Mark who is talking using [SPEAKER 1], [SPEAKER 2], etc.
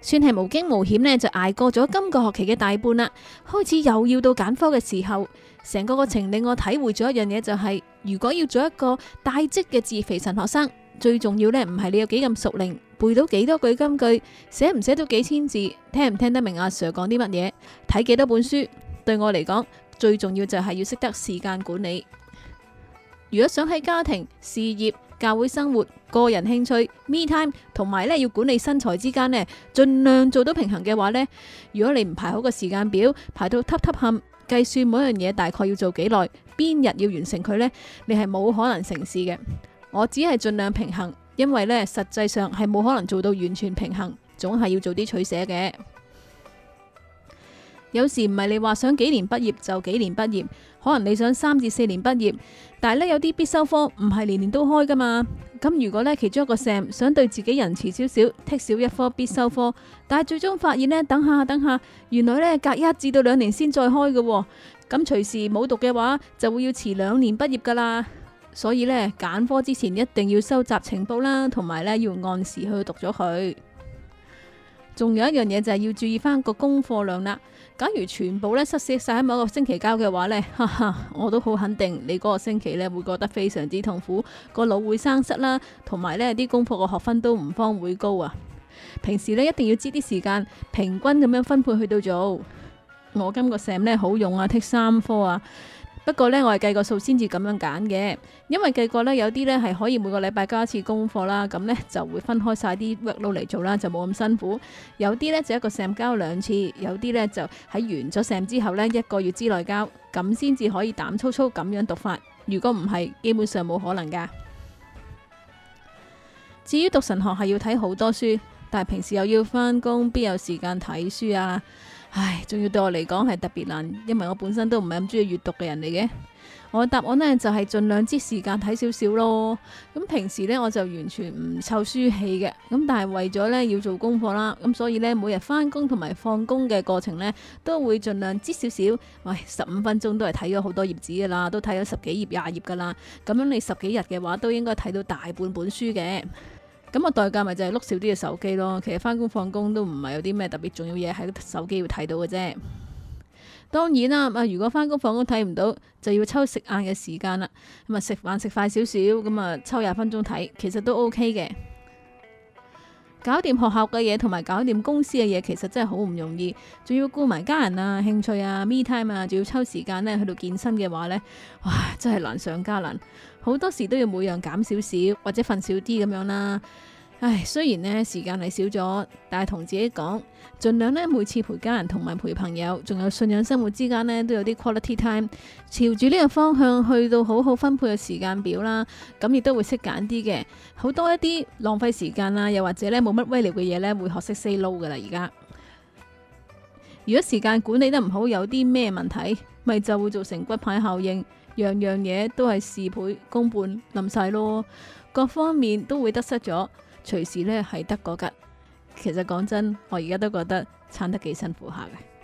[SPEAKER 1] 算係無驚無險呢，就挨過咗今個學期嘅大半啦。開始又要到揀科嘅時候，成個過程令我體會咗一樣嘢、就是，就係如果要做一個大職嘅自肥神學生，最重要呢唔係你有幾咁熟靈，背到幾多句金句，寫唔寫到幾千字，聽唔聽得明阿 Sir 講啲乜嘢，睇幾多本書。對我嚟講，最重要就係要識得時間管理。如果想喺家庭、事業，教會生活、個人興趣、me time 同埋咧要管理身材之間咧，盡量做到平衡嘅話咧，如果你唔排好個時間表，排到㩒㩒冚，計算每樣嘢大概要做幾耐，邊日要完成佢呢，你係冇可能成事嘅。我只係盡量平衡，因為咧實際上係冇可能做到完全平衡，總係要做啲取捨嘅。有時唔係你話想幾年畢業就幾年畢業，可能你想三至四年畢業，但係咧有啲必修科唔係年年都開噶嘛。咁如果咧其中一個 sam 想對自己仁慈少少，剔少一科必修科，但係最終發現呢，等下等下，原來呢，隔一至到兩年先再開噶。咁隨時冇讀嘅話，就會要遲兩年畢業噶啦。所以呢，揀科之前一定要收集情報啦，同埋呢，要按時去讀咗佢。仲有一樣嘢就係要注意翻個功課量啦。假如全部咧失寫晒喺某一個星期交嘅話呢，哈哈，我都好肯定你嗰個星期咧會覺得非常之痛苦，個腦會生塞啦，同埋呢啲功課個學分都唔方會高啊。平時呢，一定要知啲時間平均咁樣分配去到做。我今個 sem 咧好用啊，剔三科啊。不過呢，我係計過數先至咁樣揀嘅，因為計過呢，有啲呢係可以每個禮拜交一次功課啦，咁呢就會分開晒啲 workload 嚟做啦，就冇咁辛苦。有啲呢就一個 Sam 交兩次，有啲呢就喺完咗 Sam 之後呢一個月之內交，咁先至可以膽粗粗咁樣讀法。如果唔係，基本上冇可能噶。至於讀神學係要睇好多書，但係平時又要返工，邊有時間睇書啊？唉，仲要對我嚟講係特別難，因為我本身都唔係咁中意閱讀嘅人嚟嘅。我嘅答案呢就係盡量擠時間睇少少咯。咁平時呢，我就完全唔湊書氣嘅。咁但係為咗呢要做功課啦，咁所以呢，每日返工同埋放工嘅過程呢，都會盡量擠少少。喂，十五分鐘都係睇咗好多頁紙噶啦，都睇咗十幾頁廿頁噶啦。咁樣你十幾日嘅話，都應該睇到大半本書嘅。咁啊，代價咪就係碌少啲嘅手機咯。其實翻工放工都唔係有啲咩特別重要嘢喺手機會睇到嘅啫。當然啦，啊，如果翻工放工睇唔到，就要抽食晏嘅時間啦。咁啊，食飯食快少少，咁啊，抽廿分鐘睇，其實都 OK 嘅。搞掂學校嘅嘢同埋搞掂公司嘅嘢，其實真係好唔容易，仲要顧埋家人啊、興趣啊、me time 啊，仲要抽時間呢去到健身嘅話呢，哇！真係難上加難，好多時都要每樣減少少或者瞓少啲咁樣啦。唉，雖然呢時間係少咗，但係同自己講，盡量呢每次陪家人同埋陪朋友，仲有信仰生活之間呢都有啲 quality time，朝住呢個方向去到好好分配嘅時間表啦。咁亦都會識揀啲嘅，好多一啲浪費時間啦，又或者呢冇乜威力嘅嘢呢會學識 say no 噶啦。而家如果時間管理得唔好，有啲咩問題，咪就會造成骨牌效應，樣樣嘢都係事倍功半，冧晒咯，各方面都會得失咗。隨時咧係得嗰吉，其實講真，我而家都覺得撐得幾辛苦下嘅。